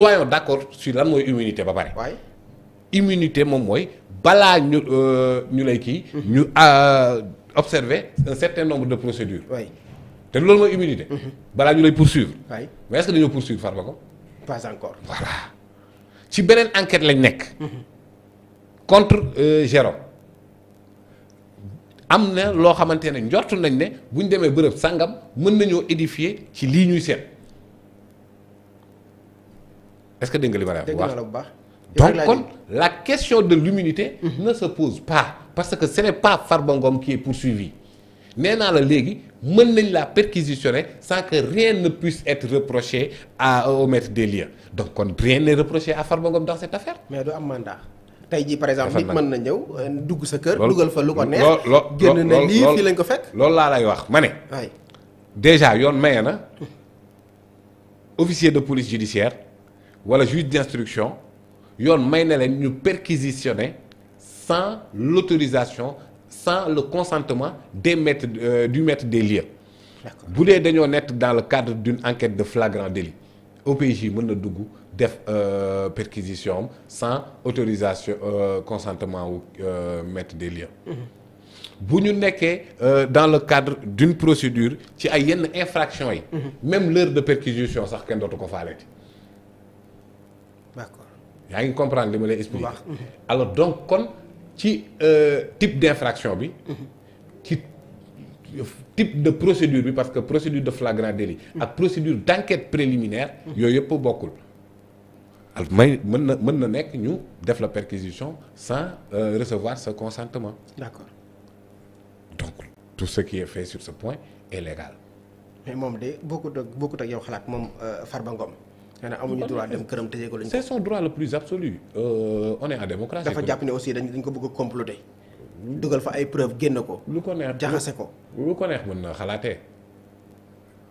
soyons d'accord sur lan mooy immunité ba pare. waay moom mooy balaa ñu euh, ñu lay kii. Mhm. ñu euh, observer un certain nombre de procédures. waay te loolu mooy immunité. Mhm. balaa ñu lay poursuivre. waay mais est-ce que dañoo poursuivre Farba ko. encore voilà. ci beneen enquête lañ nekk. Mhm. contre euh, Jérôme am na loo xamante ne njort nañ ne bu demee bërëb sangam mën nañoo édifier ci lii ñuy seet. est-ce que dégg nga li ma la wax bu baax donc kon la question de l'immunité mhm. ne se pose pas parce que ce n'est pas Farba Ngom qui est poursuivi nee naa la léegi mën nañ la perquisitionner sans que rien ne puisse être reproché à au maître des lieux donc kon rien n'est reproché à Farba Ngom dans cette affaire. mais du am mandat. tey jii par exemple nit mën na ñëw euh, dugg sa kër. dugal fa lu ko neex génn na lii fii lañ ko fekk. loolu laa lay wax ma ne. waay déjà yoon maye na officier de police judiciaire. wala juge d'instruction yoon may na leen ñu perquisitionner sans l'autorisation sans le consentement des maîtres euh, du maître des lieux bu dee dañoo nekk dans le cadre d'une enquête de flagrant délit OPJ mën na dugg def euh, perquisition am sans autorisation euh, consentement wu euh, maître des lieux mm-hmm. bu ñu nekkee euh, dans le cadre d'une procédure ci ay yenn infraction yi mm-hmm. même l'heure de perquisition sax kenn dootu ko faaleeti yaa ngi comprendre li ma lay expliquer mm-hmm. alors donc kon ci euh, type d'infraction bi mm-hmm. ci type de procédure bi parce que procédure de flagrant délit mm-hmm. ak procédure d'enquête préliminaire yooyu yëpp bokkul may mën na mën na nekk ñu def la perquisition sans euh, recevoir ce consentement d'accord donc tout ce qui est fait sur ce point est légal mais moom de bokkut ak bokkut ak yow xalaat moom euh, Farba Ngom nee na amuñu droit dem këram tëjee ko lañ. c'est son droit le plus absolu. Euh, on est en démocratie. dafa jàpp ne aussi dañ ko bëgg a comploter. dugal fa ay preuves génne ko. lu ko neex jaxase ko. lu ko neex mën na xalaatee.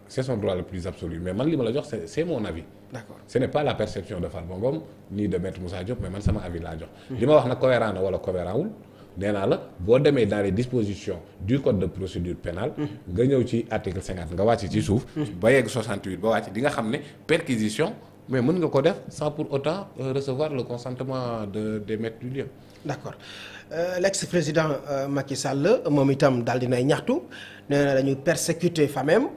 c'est son droit le plus absolu mais man li ma la jox c'est c'est avis. d'accord ce pas la perception de Farba Ngom ni de maître Moussa Diop mais man sama avis laa jox. li hmm. ma wax nag cohérent na wala cohérent wul. nee naa la boo demee dans les dispositions du code de procédure pénale nga ñëw ci article cinquante nga wàcc ci suuf ba yegg 68 ba wàcc di nga xam ne perquisition mais mën nga ko def sans pour autant euh, recevoir le consentement de des maîtres du lieu d'accord euh, l'ex-président euh, Macky Sall moom itam daal dinay ñaxtu nee na dañu persécuter famem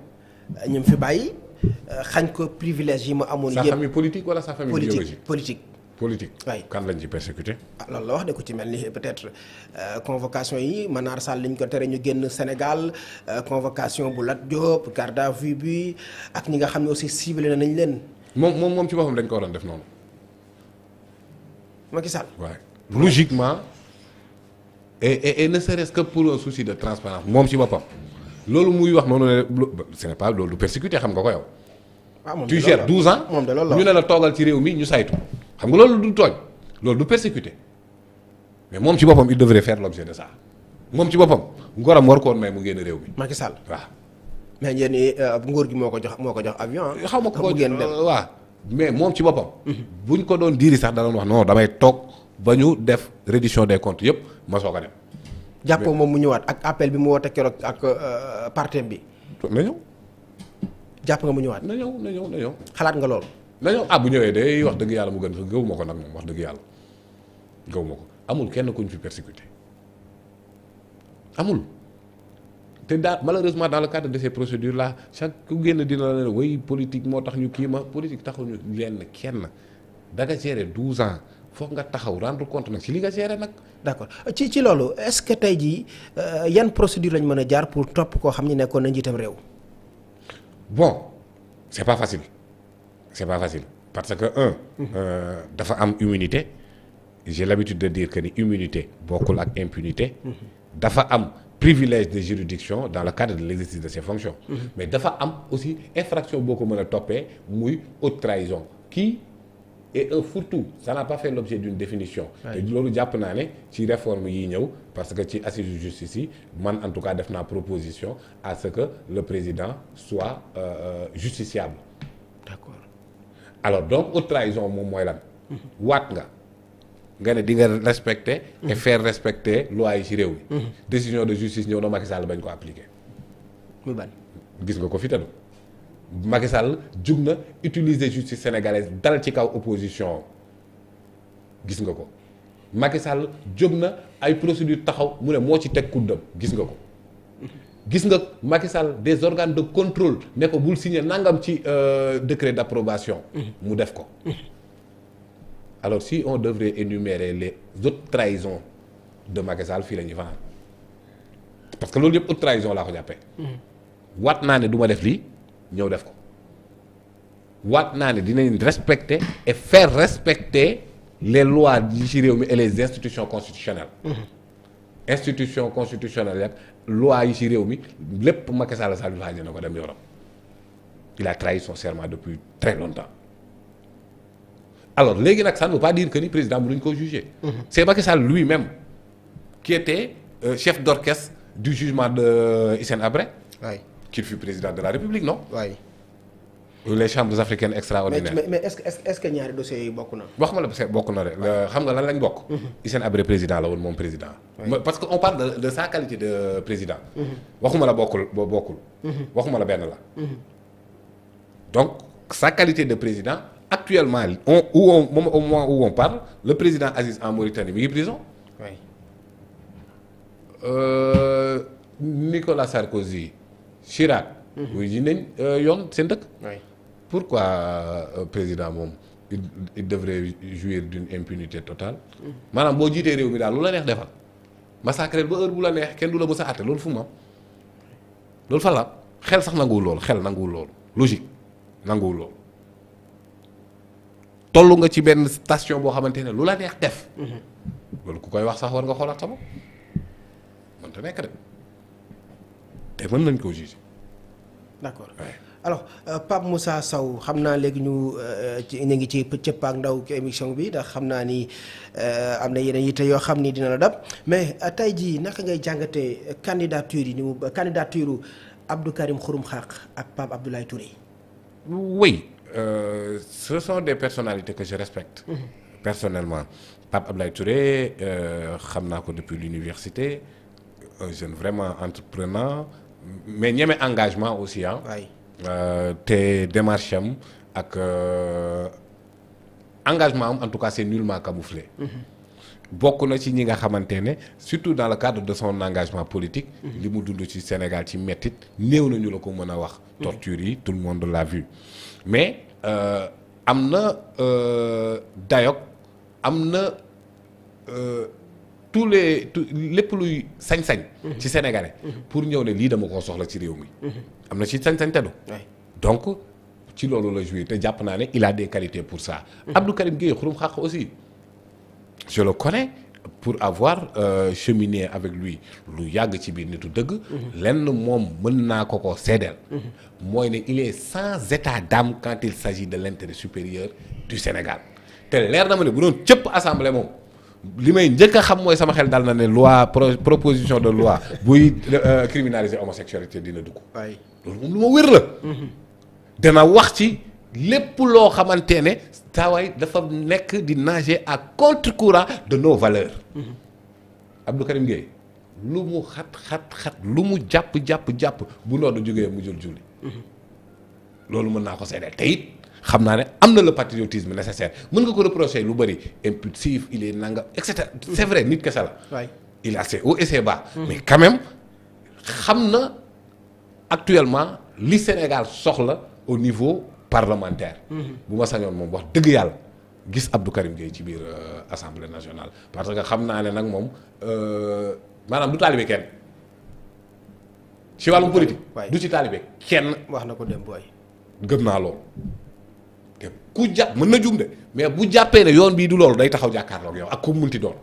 ñu fi bàyyi euh, xañ ko privilège yi mu amoon yëpp sa famille politique wala sa famille biologique politique politique. waay kan lañ ci persécuté. ah loolu la wax de ku ci mel ni euh, peut-être euh, convocation yi Manar Sall liñ ko tere ñu génn Sénégal euh, convocation bu Lat Diop garde à vue bi ak ñi nga xam ne aussi na nañ leen. moom moom moom ci boppam dañ ko waroon def noonu. Macky Sall waay pour un souci de moom ci boppam. loolu muy wax noonu ne ce n'est pas loolu du xam nga ko yow. Ah, tu gères 12 ans. moom de loolu la ñu ne la toogal ci réew mi ñu saytu. xam nga loolu du tooñ loolu du persécuté mais moom ci boppam il devrait faire l'objet de ça moom ci boppam ngoram war koon may mu génn réew mi. Macky Sall waaw. mais yéen ñii euh, nguur gi moo ko jox moo ko jox avion ah. xaw ma ko génn dem euh, waa mais moom ci boppam. bu mhm. buñ ko doon diiri sax da doon wax non damay toog ba ñu def reddition des comptes yëpp ma soog ko dem. jàppoo moom mu ñëwaat ak appel bi mu woote keroog ak partem bi. na ñëw. jàpp nga mu ñëwaat. na ñëw na ñëw xalaat nga loolu. dañoo ah bu ñëwee day wax dëgg yàlla mu gën sax gëw ko nag moom wax dëgg yàlla gëw ma ko amul kenn ku ñu fi persécuté amul te daa malheureusement dans le cadre de ces procédures là chaque ku génn dina la ne way politique moo tax ñu kii ma politique ñu lenn kenn da nga gérer 12 ans foog nga taxaw rendre compte nag ci li nga seere nag. d'accord ci ci loolu est-ce que tey jii euh, yan procédure lañ mën a jaar pour topp koo xam ne nekkoon na njiitam réew. bon c'est c'est pas facile parce que un euh, dafa am immunité j'ai l'habitude de dire que ni immunité bokkul ak impunité dafa am privilège de juridiction dans le cadre de l'exercice de ses fonctions mais dafa am aussi infraction boo ko mën a toppee muy haute trahison qui est un fourre-tout ça n'a pas fait l'objet d'une définition loolu jàpp naa ne ci réforme yi ñëw parce que ci assises de justice yi man en tout cas def naa proposition à ce que le président soit euh, euh justiciable d'accord alors donc haute trahison moom mooy lan. waat nga nga ne dinga nga respecter. et faire respecter loi yi ci réew mi. décision de justice ñëw na Macky Sall bañ ko appliquer. muy ban gis nga ko fi tanu Macky Sall jug na utiliser justice sénégalaise dal ci kaw opposition gis nga ko Macky Sall jóg na ay procédure taxaw mu ne moo ci teg kuddam gis nga ko. gis nga Macky Sall des organes de contrôle ne ko bul signer nangam ci euh, décret d'approbation mmh. mu def ko mmh. alors si on devrait énumérer les autres trahisons de Macky fii la ñuy fanaan parce que loolu yëpp autre trahison laa ko jàppee mmh. waat naa ne duma ma def lii ñëw def ko waat naa ne dinañ respecter et faire respecter les lois yi ci réew mi et les institutions constitutionnelles institutions constitutionnelles loi yi ci réew mi lépp Macky Sall salvage na ko dem yoonam il a trahi son serment depuis très longtemps alors léegi nag ça ne veut pas dire que ni président mënuñ ko juger mm-hmm. c'est Macky Sall lui-même qui était euh, chef d'orchestre du jugement de Hissène Habré oui. qu'il fut président de la République non oui. les chambres africaines extraordinaires. mais mais est-ce ñaari dossiers yi bokk na. wax ma la bokk na de euh, xam nga lan lañ bokk. Mhm. Hissène Habré président la woon moom président. parce que on parle de sa qualité de président. Mhm. waxuma la bokkul bokkul. Mhm. waxuma la benn la. donc sa qualité de président actuellement on où on moom au moment on parle le président Aziz en Mauritanie mi ngi prison. oui. Euh, Nicolas Sarkozy Chirac. wuy nañ euh, yoon seen dëkk. pourquoi euh, président moom il il devrait jouir d'une impunité totale. Mm-hmm. maanaam boo jiitee réew mi daal lu la neex defal. massacré ba heure bu la neex kenn du la mës a àtte loolu fu mu loolu fa la xel sax nanguwul loolu xel nanguwul loolu logique nanguwul loolu. toll nga ci benn station boo xamante ne lu la neex def. Mm-hmm. loolu ku koy wax sax war nga xoolaat sa bopp mënta nekk de te mën nañ koo juger. d'accord. alors euh, Pape Moussa saw xam naa léegi ñu ci euh, ñu ngi ci cëppaak ndaw ki émission bi ndax xam naa ni euh, am na yeneen yitte yoo xam ni dina la dab mais tey jii naka ngay jàngatee candidature yi ni mu candidature Abdou Karim Xurum Xaq ak Pape Abdoulaye Touré. oui euh, ce sont des personnalités que je respecte. Mmh. personnellement Pape Abdoulaye Touré xam naa ko depuis l'université un jeune vraiment entreprenant mais ñeme engagement aussi ah. Euh, te démarche am ak euh, engagement am en tout cas c'est nullement camouflé. Mm-hmm. bokk na ci ñi nga xamante ne surtout dans le cadre de son engagement politique. Mm-hmm. li mu dund ci Sénégal ci mettit néew nañu la ko mën a wax. Mm-hmm. torture yi tout le monde l'a vue mais euh, am na dayoog am na. tous les lépp luy sañ mhm. ci sénégalais. Mhm. pour ñëw ne lii dama koo soxla ci réew mi. Mhm. am na ci sañ-sañ teddu. donc ci loolu la joué te jàpp naa ne il a des qualités pour ça. Abdou Karim Gueye xurum xaq aussi je le connais pour avoir euh, cheminé avec lui lu yàgg ci biir nitu dëgg. lenn moom mën naa ko ko seedeel. mooy ne il est sans état d'âme quand il s'agit de l'intérêt supérieur du Sénégal te leer na ma ne bu doon cëpp assemblée moom. li may njëkk a xam mooy sama xel dal na ne loi proposition de loi buy euh, criminaliser homosexualité dina dugg. loolu moom lu ma wér la. dana wax ci lépp loo xamante ne saawaay dafa nekk di nager ak contre-courant de nos valeurs. Abdou Karim Gueye lu mu xat xat xat lu mu jàpp jàpp jàpp bu noddu jógee mu jul julli. Mhm. loolu mën naa ko seedeel te xam naa ne am na le patriotisme nécessaire mën nga ko reprocher lu bëri impulsif il est nanga et cetera c'est vrai nit kese la. waay il est assez haut et c'est mm-hmm. mais quand xam na actuellement li Sénégal soxla au niveau parlementaire. Mm-hmm. bu ma sañoon moom wax dëgg yàlla gis Abdou Karim Gueye ci biir euh, assemblée nationale parce que xam naa ne nag moom euh, maanaam du taalibe kenn. ci wàllum politique. du ci taalibe kenn. wax na ko dem booy. gëm naa loolu. te ku jàpp mën na jum de mais bu jàppee ne yoon bii du loolu day taxaw jàkkaarloog yow ak ku munti doon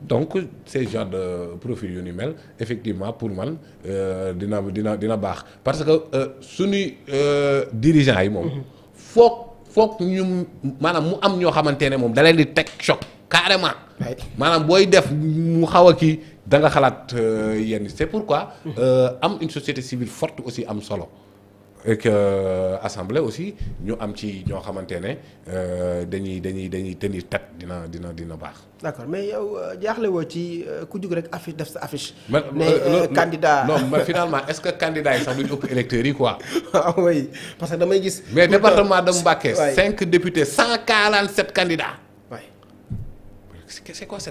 donc ces genre de profil yu ni mel effectivement pour man euh, dina dina dina baax parce que euh, suñuy euh, dirigeants yi moom. foog foog ñu maanaam mu am ñoo xamante ne moom da leen di teg choc carrément. maanaam booy def mu xaw a kii da nga xalaat yenn c'est pourquoi. Mm-hmm. am une société civile forte aussi am solo. et que euh, assemblée aussi ñu am ci ñoo xamante ne euh, dañuy dañuy dañuy tenir tête dina dina dina baax. d'accord mais yow euh, jaaxle woo ci ku jug rek affiche def sa affiche. man ne candidat non mais finalement est-ce que candidat yi sax duñu ëpp électeurs yi quoi. ah oui parce que damay gis. mais département de Mbacké. waay cinq députés cent quarante sept candidats. waay c'est